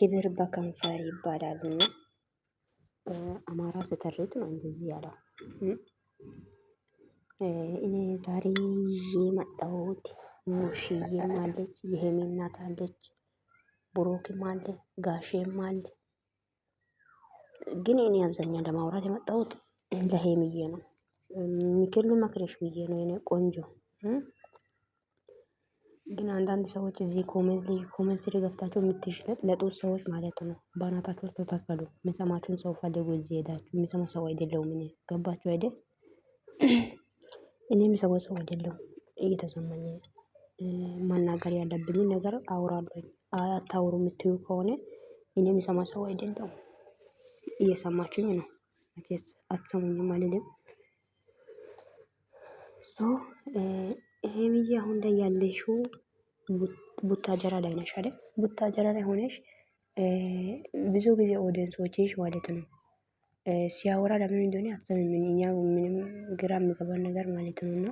ክብር በከንፈር ይባላል እና አማራ ስተርት ነው እንደዚህ ያለው። እኔ ዛሬ ይዤ መጣሁት። ሙሽዬም አለች፣ የሄሜ እናት አለች፣ ብሮክም አለ፣ ጋሼም አለ። ግን እኔ አብዛኛ ለማውራት የመጣሁት ለሄምዬ ነው። ምክር ልመክረሽ ብዬ ነው የኔ ቆንጆ ግን አንዳንድ ሰዎች እዚህ ኮመንት ላይ ኮመንት ስር ገብታችሁ ለጦስ ሰዎች ማለት ነው። በአናታችሁ ተተከሉ። የሚሰማችሁን ሰው ፈልጉ። እዚህ ሄዳችሁ የሚሰማ ሰው አይደለሁም እኔ ገባችሁ አይደል? እኔ የሚሰማ ሰው አይደለሁም። እየተሰማኝ መናገር ያለብኝ ነገር አውራለሁ። አታውሩ የምትዩ ከሆነ እኔ የሚሰማ ሰው አይደለሁም። እየሰማችኝ ነው። አትሰሙኝም አልልም። ሀይሚዬ አሁን ላይ ያለሽው ቡታጀራ ላይ ነሽ አይደል? ቡታጀራ ላይ ሆነሽ ብዙ ጊዜ ኦዲየንሶችሽ ማለት ነው ሲያወራ ለምን እንደሆነ አትሰሚም። እኛ ምንም ግራ የሚገባን ነገር ማለት ነው። እና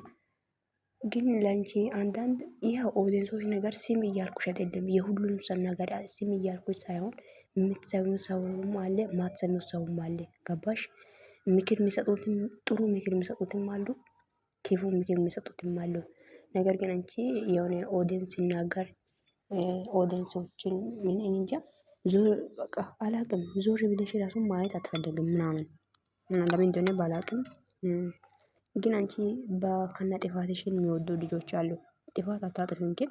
ግን ለአንቺ አንዳንድ ይኸው ኦዲየንሶች ነገር ስም እያልኩሽ አይደለም፣ የሁሉም ሰው ነገር ስም እያልኩሽ ሳይሆን የምትሰሙ ሰውም አለ፣ ማትሰሙ ሰውም አለ። ገባሽ? ምክር የሚሰጡትም ጥሩ ምክር የሚሰጡትም አሉ፣ ክፉ ምክር የሚሰጡትም አሉ። ነገር ግን አንቺ የሆነ ኦዲየንስ ሲናገር ኦዲየንሶችን ምን እንጃ ዞር በቃ አላቅም ዞር ብለሽ ራሱን ማየት አትፈልግም ምናምን እና ለምን እንደሆነ ባላቅም፣ ግን አንቺ በከና ጥፋትሽን የሚወዱ ልጆች አሉ። ጥፋት አታጥፍም፣ ግን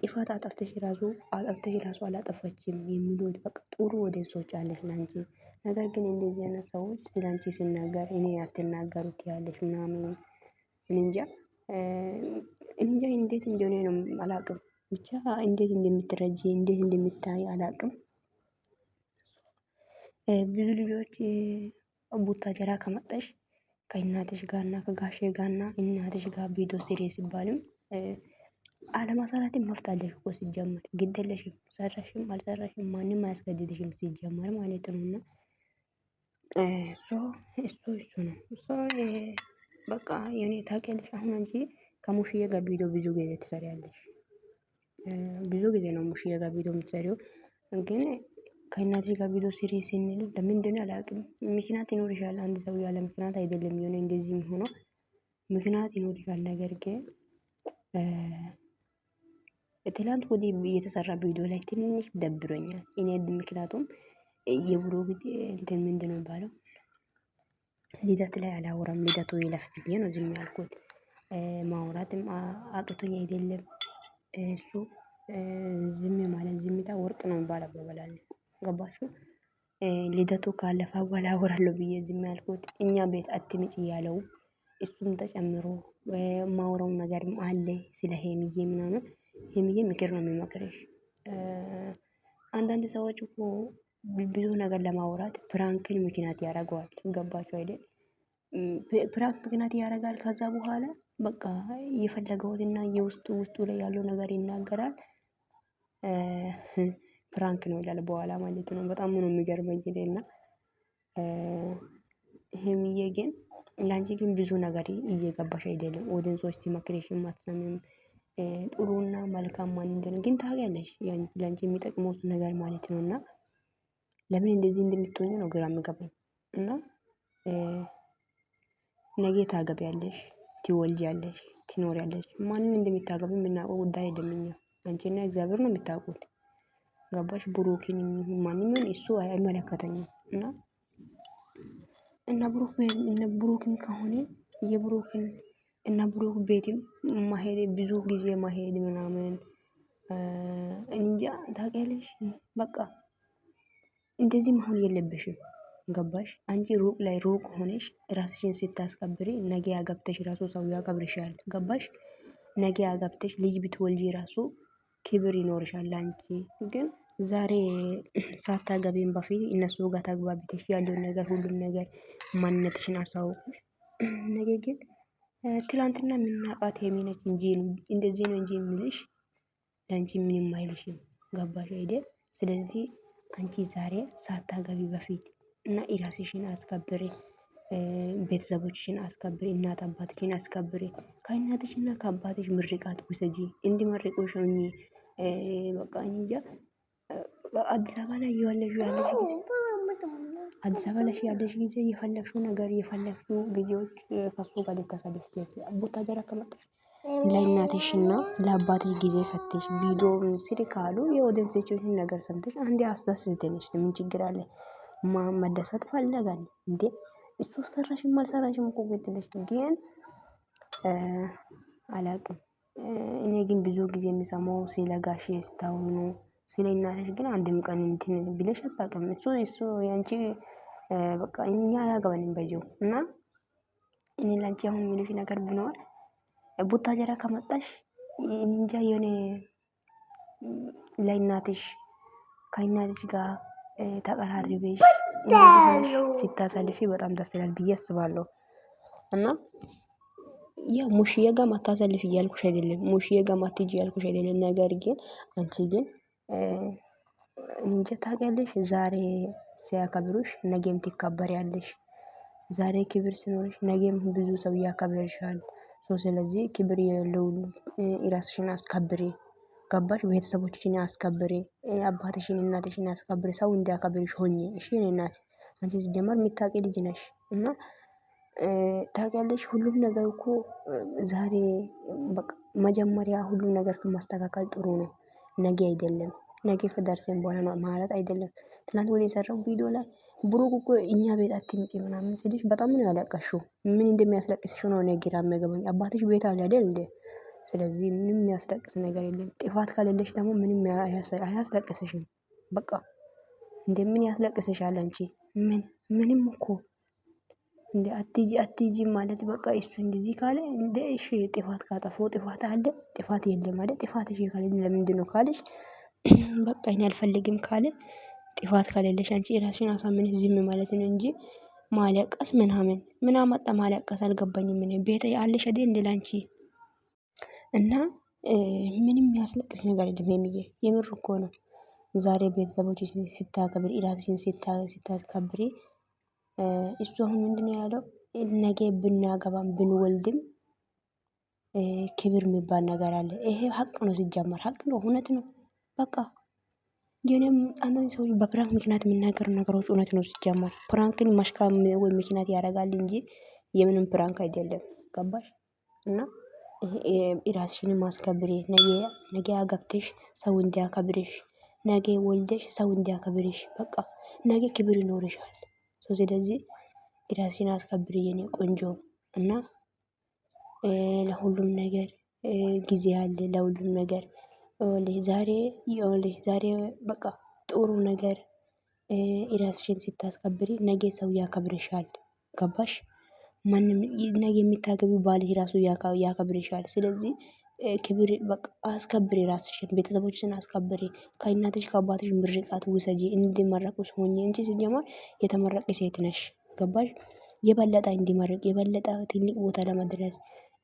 ጥፋት አጠፍተሽ ራሱ አጠፍተሽ ራሱ አላጠፈችም የሚሉት በቃ ጥሩ ኦዲየንሶች አለሽ ለአንቺ። ነገር ግን እንደዚህ አይነት ሰዎች ስለ አንቺ ሲናገር እኔ አትናገሩት ያለሽ ምናምን እንጃ እንጃ እንዴት እንደሆነ ነው አላውቅም። ብቻ እንዴት እንደምትረጂ እንዴት እንደምታይ አላውቅም። ብዙ ልጆች ቡታ ጀራ ከመጣሽ ከእናትሽ ጋርና ከጋሼ ጋርና እናትሽ ጋር ቪዲዮ ስሪ ሲባልም አለማሰራትም መፍት አለሽ እኮ ሲጀመር ግድ የለሽም። ሰራሽም አልሰራሽም ማንም አያስገድድሽም ሲጀመር ማለት ነው። እና እሱ እሱ እሱ ነው። በቃ የኔ ታውቂያለሽ፣ አሁን አንቺ ከሙሽዬ ጋር ቪዲዮ ብዙ ጊዜ ትሰሪያለሽ። ብዙ ጊዜ ነው ሙሽዬ ጋር ቪዲዮ የምትሰሪው፣ ግን ከእናትሽ ጋር ቪዲዮ ስሪ ስንል ለምንድን አላውቅም፣ ምክንያት ይኖርሻል። አንድ ሰው ያለ ምክንያት አይደለም የሆነ እንደዚህ ሆኖ ምክንያት ይኖርሻል። ነገር ግን ትላንት ወዲህ የተሰራ ቪዲዮ ላይ ትንሽ ደብሮኛል እኔ ምክንያቱም የብሮ እንትን ምንድን ነው ባለው ልደት ላይ አላወራም። ልደቱ ይለፍ ብዬ ነው ዝም ያልኩት። ማውራትም አቅቶኝ አይደለም። እሱ ዝም ማለት ዝምታ ወርቅ ነው የሚባል አባባል ገባችሁ? ልደቱ ካለፈ በኋላ አወራለሁ ብዬ ዝም ያልኩት እኛ ቤት አትምጭ እያለው እሱም ተጨምሮ ማውራው ነገር አለ ስለ ሄሚዬ ምናምን ሄሚዬ ምክር ነው የሚመክርሽ። አንዳንድ ሰዎች እኮ ብዙ ነገር ለማውራት ፕራንክን ምክንያት ያደርገዋል። ገባችሁ አይደል? ፕራንክ ምክንያት ያደርጋል። ከዛ በኋላ በቃ የፈለገውንና የውስጡ ውስጡ ላይ ያለው ነገር ይናገራል። ፕራንክ ነው ይላል በኋላ ማለት ነው። በጣም ነው የሚገርመኝ እኔ እና ሀይሚዬ ግን ለአንቺ ግን ብዙ ነገር እየገባሽ አይደለም። ወደን ሶስት ሲመክርሽም አትሰሚም። ጥሩና መልካም ማንነትን ግን ታውቂያለሽ፣ ለአንቺ የሚጠቅመው ነገር ማለት ነው እና ለምን እንደዚህ እንደምትሆኝ ነው ግራ የምገባኝ። እና ነገ ታገቢያለሽ፣ ትወልጃለሽ፣ ትኖሪያለሽ። ማንን እንደሚታገቢ የምናውቀው ጉዳይ አይደለም። እኛ አንቺና እግዚአብሔር ነው የምታውቁት። ገባሽ? ብሩክን ማንም እሱ አይመለከተኝም። እና እና ብሩክ እና ብሩክም ከሆነ የብሩክን እና ብሩክ ቤትም ማሄድ ብዙ ጊዜ ማሄድ ምናምን እንጃ ታውቂያለሽ በቃ እንደዚህ መሆን የለብሽም። ገባሽ? አንቺ ሩቅ ላይ ሩቅ ሆነሽ ራስሽን ስታስከብሪ ነገ ያገብተሽ ራሱ ሰው ያከብርሻል። ገባሽ? ነገ ያገብተሽ ልጅ ብትወልጂ ራሱ ክብር ይኖርሻል አንቺ። ግን ዛሬ ሳታገቢም በፊት እነሱ ጋር ተግባብተሽ ያለውን ነገር ሁሉም ነገር ማንነትሽን አሳውቅሽ። ነገ ግን ትላንትና የምናቃት የሚነች እንጂ እንደዚህ ነው እንጂ የሚልሽ ለአንቺ ምንም አይልሽም። ገባሽ አይደል? ስለዚህ አንቺ ዛሬ ሳታገቢ በፊት እና ኢራስሽን አስከብሬ ቤተሰቦችሽን አስከብሬ እናት አባትሽን አስከብሬ ከእናትሽ ከእናትሽና ከአባትሽ ምርቃት ውሰጂ፣ እንዲመርቁሽ ሆኚ። በቃ እንጃ አዲስ አበባ ላይ ያለሽ ያለሽ አዲስ አበባ ላይ ያለሽ ጊዜ የፈለግሽው ነገር የፈለግሽው ጊዜዎች ከሱ ጋር ቦታ ጀራ ከመጣሽ ለእናትሽና ለአባትሽ ጊዜ ሰጥተሽ ቪዲዮ ስሪ ካሉ የኦዲየንሶችሽን ነገር ሰምተሽ አንድ አስደስተንሽ ምን ችግር አለ? ማ መደሰት ፈለጋል እንዴ? እሱ ሰራሽም አልሰራሽም እኮ ግድለሽ። ግን አላቅም። እኔ ግን ብዙ ጊዜ የሚሰማው ስለ ጋሼ ስታው ስለ እናትሽ ግን አንድም ቀን እንትን ብለሽ አታቅም። እሱ እሱ ያንቺ በቃ እኛ አያገባንም በዚው እና እኔ ላንቺ አሁን ምንሽ ነገር ብኖር ቡታጀራ ከመጣሽ እንጃ የሆነ ለእናትሽ ከእናትሽ ጋር ተቀራርበሽ ስታሳልፊ በጣም ደስ ይላል ብዬ አስባለሁ። እና ያ ሙሽዬ ጋር አታሳልፊ እያልኩሽ አይደለም፣ ሙሽዬ ጋር አትሄጂ እያልኩሽ አይደለም። ነገር ግን አንቺ ግን እንጃ ታውቂያለሽ፣ ዛሬ ሲያከብሩሽ ነገም ትከበሪያለሽ። ዛሬ ክብር ሲኖርሽ ነገም ብዙ ሰው ያከብርሻል። ስለዚህ ክብር የለውም። ራስሽን አስከብሪ ገባሽ ቤተሰቦችሽን አስከብሪ አባትሽን እናትሽን አስከብሪ ሰው እንዲያከብርሽ ሆኚ። እሺ የኔ እናት አንቺ ሲጀመር የሚታወቂ ልጅ ነሽ እና ታውቂያለሽ ሁሉም ነገር እኮ ዛሬ መጀመሪያ ሁሉም ነገር ከማስተካከል ጥሩ ነው። ነገ አይደለም ነገ ከደርሰን በኋላ ማለት አይደለም። ትናንት ወደ የሰራው ቪዲዮ ላይ ብሩክ እኮ እኛ ቤት አትምጪ ምናምን ሲልሽ በጣም ነው ያለቀሽው። ምን እንደሚያስለቅስሽ ነው እኔ ግራ የሚያገባኝ። አባትሽ ቤት አለ አይደል እንዴ? ስለዚህ ምንም የሚያስለቅስ ነገር የለም። ጥፋት ከሌለሽ ደግሞ ምንም አያስለቅስሽም። በቃ እንደ ምን ያስለቅስሻል አንቺ? ምን ምንም እኮ እንደ አትጂ አትጂ ማለት በቃ እሱ እንደዚህ ካለ እንደ እሺ፣ ጥፋት ካጠፎ ጥፋት አለ ጥፋት የለም ማለት ጥፋትሽ ካለ ለምንድን ነው ካለሽ በቃ እኔ አልፈልግም ካለ ጥፋት ከሌለሽ አንቺ የራስሽን አሳምነሽ ዝም ማለት ነው እንጂ ማለቀስ ምናምን ምን አጣ ማለቀስ አልገባኝም። ምን ቤተ ያለሽ አይደል እንዴ ላንቺ እና ምንም የሚያስለቅስ ነገር የለም። የሚዬ የምር እኮ ነው። ዛሬ ቤተሰቦችሽን ስታከብሪ ራስሽን ስታከብሪ እሱ አሁን ምንድን ያለው ነገ ብናገባም ብንወልድም ክብር የሚባል ነገር አለ። ይሄ ሀቅ ነው። ሲጀመር ሀቅ ነው፣ እውነት ነው። በቃ የኔም አንዳንድ ሰዎች በፕራንክ ምክንያት የሚናገሩ ነገሮች እውነት ነው። ሲጀመር ፕራንክን ማሽቃም ወይ ምክንያት ያደርጋል እንጂ የምንም ፕራንክ አይደለም። ገባሽ? እና ራስሽን ማስከብሬ ነገ አገብተሽ ሰው እንዲያከብርሽ፣ ነገ ወልደሽ ሰው እንዲያከብርሽ፣ በቃ ነገ ክብር ይኖርሻል። ስለዚህ ራስሽን አስከብሪ የኔ ቆንጆ እና ለሁሉም ነገር ጊዜ አለ ለሁሉም ነገር ይኸውልሽ ዛሬ ይኸውልሽ ዛሬ በቃ ጥሩ ነገር ራስሽን ስታስከብሪ ነገ ሰው ያከብርሻል። ገባሽ? ማንም ነገ የሚታገቢው ባልሽ ራሱ ያከብርሻል። ስለዚህ ክብር በቃ አስከብሪ ራስሽን፣ ቤተሰቦችን አስከብሪ። ከእናትሽ ከአባትሽ ምርቃት ውሰጂ፣ እንዲመረቁ ሆኚ። እንጂ ሲጀመር የተመረቅ ሴት ነሽ። ገባሽ? የበለጠ እንዲመረቅ የበለጠ ትልቅ ቦታ ለመድረስ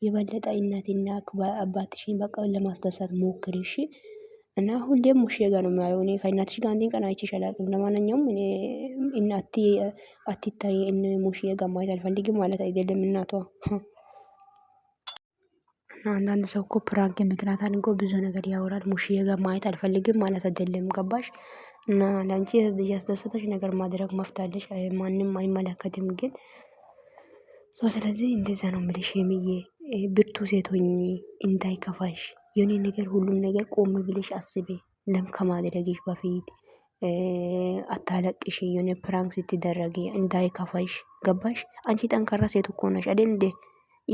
የበለጠ እናቴና አባትሽን በቃ ለማስደሰት ሞክር እሺ። እና ሁሌም ሙሽዬ ጋር ነው የማየው እኔ ከእናትሽ ጋር አንድን ቀን አይቼሽ አላውቅም። ለማንኛውም እኔ እናቴ አትታይ እነ ሙሽዬ ጋር ማየት አልፈልግም ማለት አይደለም እናቷ። እና አንዳንድ ሰው እኮ ፕራንክ ምክንያት አድርጎ ብዙ ነገር ያወራል ሙሽዬ ጋር ማየት አልፈልግም ማለት አይደለም ገባሽ? እና ላንቺ ያስደሰተሽ ነገር ማድረግ መብት አለሽ ማንም አይመለከትም ግን። ሶ ስለዚህ እንደዛ ነው የምልሽ ሄምዬ ብርቱ ሴት ሆኚ እንዳይከፋሽ የሆነ ነገር ሁሉም ነገር ቆም ብለሽ አስቤ ለም ከማድረግሽ በፊት አታለቅሽ። የሆነ ፕራንክ ስትደረግ እንዳይከፋሽ። ገባሽ? አንቺ ጠንካራ ሴት እኮ ነሽ አይደል እንዴ?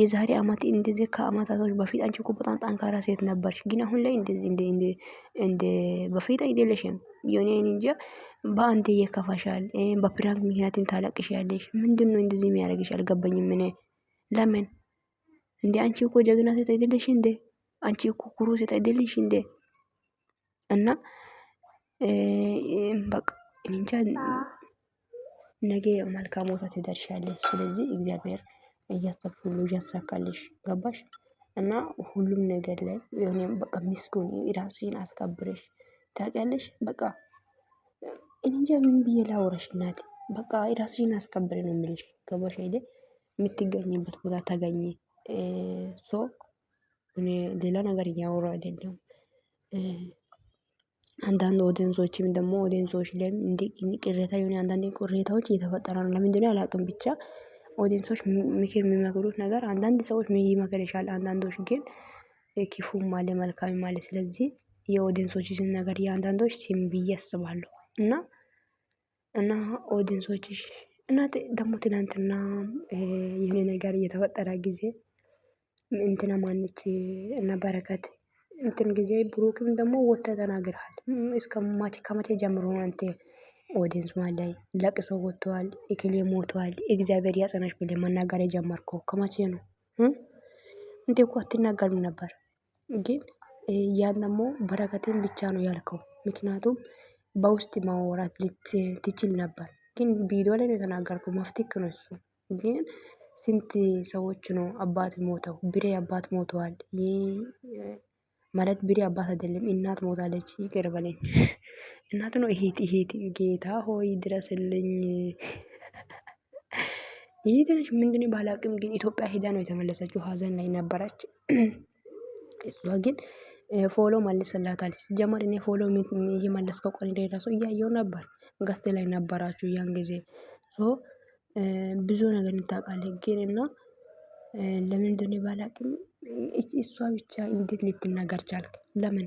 የዛሬ አመት እንደዚህ ከአመታቶች በፊት አንቺ እኮ በጣም ጠንካራ ሴት ነበርሽ፣ ግን አሁን ላይ እንደዚህ እንደ በፊት አይደለሽም። የሆነ እንጃ በአንዴ የከፋሻል። በፕራንክ ምክንያትም ታለቅሽ ያለሽ ምንድን ነው እንደዚህ የሚያደርግሽ አልገባኝም ምን ለምን እንዴ አንቺ እኮ ጀግና ሴት አይደለሽ እንዴ? አንቺ እኮ ኩሩ ሴት አይደለሽ እንዴ? እና በቃ እንጃ ነገ መልካም ቦታ ትደርሻለሽ። ስለዚህ እግዚአብሔር እያሰብሽ ሁሉ እያሳካልሽ ገባሽ? እና ሁሉም ነገር ላይ የሆነ በቃ ሚስኩን ራስሽን አስከብረሽ ታውቂያለሽ። በቃ እንጃ ምን ብዬ ላውራሽ እናቴ። በቃ ራስሽን አስከብረ ነው የምልሽ ገባሽ አይደል? የምትገኝበት ቦታ ተገኘ ሶ eh, እኔ ሌላ ነገር እያወሩ አይደለም። eh, አንዳንድ ኦዲየንሶችም ደግሞ ኦዲየንሶች ላይም ቅሬታ የሆነ አንዳንድ ቅሬታዎች እየተፈጠረ ነው። ለምንድነው አላውቅም ብቻ ኦዲየንሶች ምክር የሚመክሩት ነገር አንዳንድ ሰዎች ምን ይመክር ይሻል፣ አንዳንዶች ግን ክፉም አለ መልካምም አለ። ስለዚህ የኦዲየንሶችሽን ነገር የአንዳንዶች ሲም ብዬ አስባለሁ። እና እና ኦዲየንሶችሽ እና ደግሞ ትናንትና የሆነ ነገር እየተፈጠረ ጊዜ እንትና ማነች እና በረከት እንትን ጊዜ ብሩክም ደግሞ ወጥተህ ተናግረሃል። እስከ ማቼ ከመቼ ጀምሮ ነው አንተ ኦዲንስ ማለት ላይ ለቅሶ ወጥተዋል፣ እክሌ ሞተዋል፣ እግዚአብሔር ያጸናሽ ብለህ መናገር የጀመርከው ከመቼ ነው? እንዴ እኮ አትናገርም ነበር፣ ግን ያን ደግሞ በረከትን ብቻ ነው ያልከው። ምክንያቱም በውስጥ ማወራት ትችል ነበር፣ ግን ቪዲዮ ላይ ነው የተናገርከው። መፍትክ ነው እሱ ግን ስንት ሰዎች ነው አባት ሞተው ብሬ አባት ሞተዋል። ማለት ብሬ አባት አይደለም እናት ሞታለች። ይቅር በለኝ እናት ነው እሄት ይሄት ጌታ ሆይ ድረስልኝ። ይህ ትንሽ ምንድነው ባላቅም ግን ኢትዮጵያ ሄዳ ነው የተመለሰችው። ሀዘን ላይ ነበረች። እሷ ግን ፎሎ መልስላታል። ሲጀመር እኔ ፎሎ እየመለስከው ቆንጆ ራሱ እያየው ነበር። ገስት ላይ ነበራችሁ ያን ጊዜ ሶ ብዙ ነገር ታውቃለህ ግን እና ለምን እንደሆነ ባላቅም እሷ ብቻ እንዴት ልትናገር ቻልክ? ለምን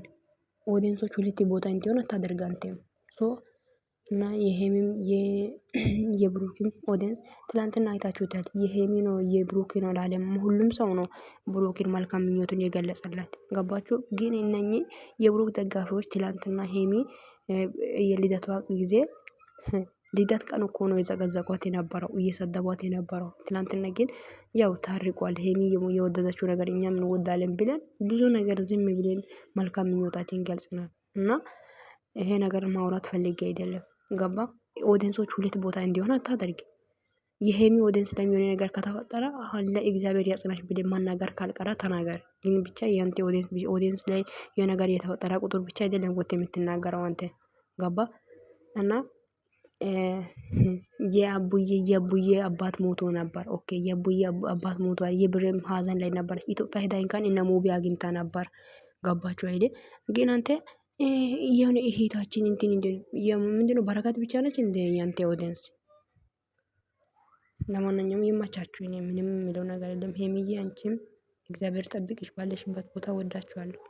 ኦዲንሶች ሁለት ቦታ እንዲሆን አታደርግ አንተም እና የሄሚም የብሩክም ኦዲንስ ትላንትና አይታችሁታል። የሄሚ ነው የብሩክ ነው ላለም ሁሉም ሰው ነው ብሩክን መልካም ምኞቱን የገለጸላት ገባችሁ? ግን እነኚህ የብሩክ ደጋፊዎች ትላንትና ሄሚ የልደቷ ጊዜ ልደት ቀን እኮ ነው የዘቀዘቋት የነበረው እየሰደቧት የነበረው። ትናንትና ግን ያው ታርቋል። ሄሚ የወደደችው ነገር እኛም እንወዳለን ብለን ብዙ ነገር ዝም ብለን መልካም ምኞታችን ገልጽናል። እና ይሄ ነገር ማውራት ፈልጌ አይደለም። ገባ ኦዲንሶች ሁለት ቦታ እንዲሆን አታደርግ። የሄሚ ኦዲንስ ለሚሆነ ነገር ከተፈጠረ አሁን ላይ እግዚአብሔር ያጽናሽ ብለን ማናገር ካልቀረ ተናገር። ግን ብቻ የአንተ ኦዲንስ ላይ የነገር የተፈጠረ ቁጥር ብቻ አይደለም ወጥ የምትናገረው አንተ ገባ እና የአቡዬ የአቡዬ አባት ሞቶ ነበር። ኦኬ የአቡዬ አባት ሞቷል። የብርም ሀዘን ላይ ነበር። ኢትዮጵያ ሄዳ እንኳን እነ ሙቢ አግኝታ ነበር። ገባችሁ አይደ ግን አንተ የሆነ እህታችን እንትን እንትን ምንድነው በረከት ብቻ ነች እንደ ያንተ ኦዲየንስ። ለማንኛውም ይመቻችሁ። እኔ ምንም የሚለው ነገር የለም። ሄሚዬ አንቺም እግዚአብሔር ጠብቅሽ። ባለሽበት ቦታ ወዳችኋለሁ።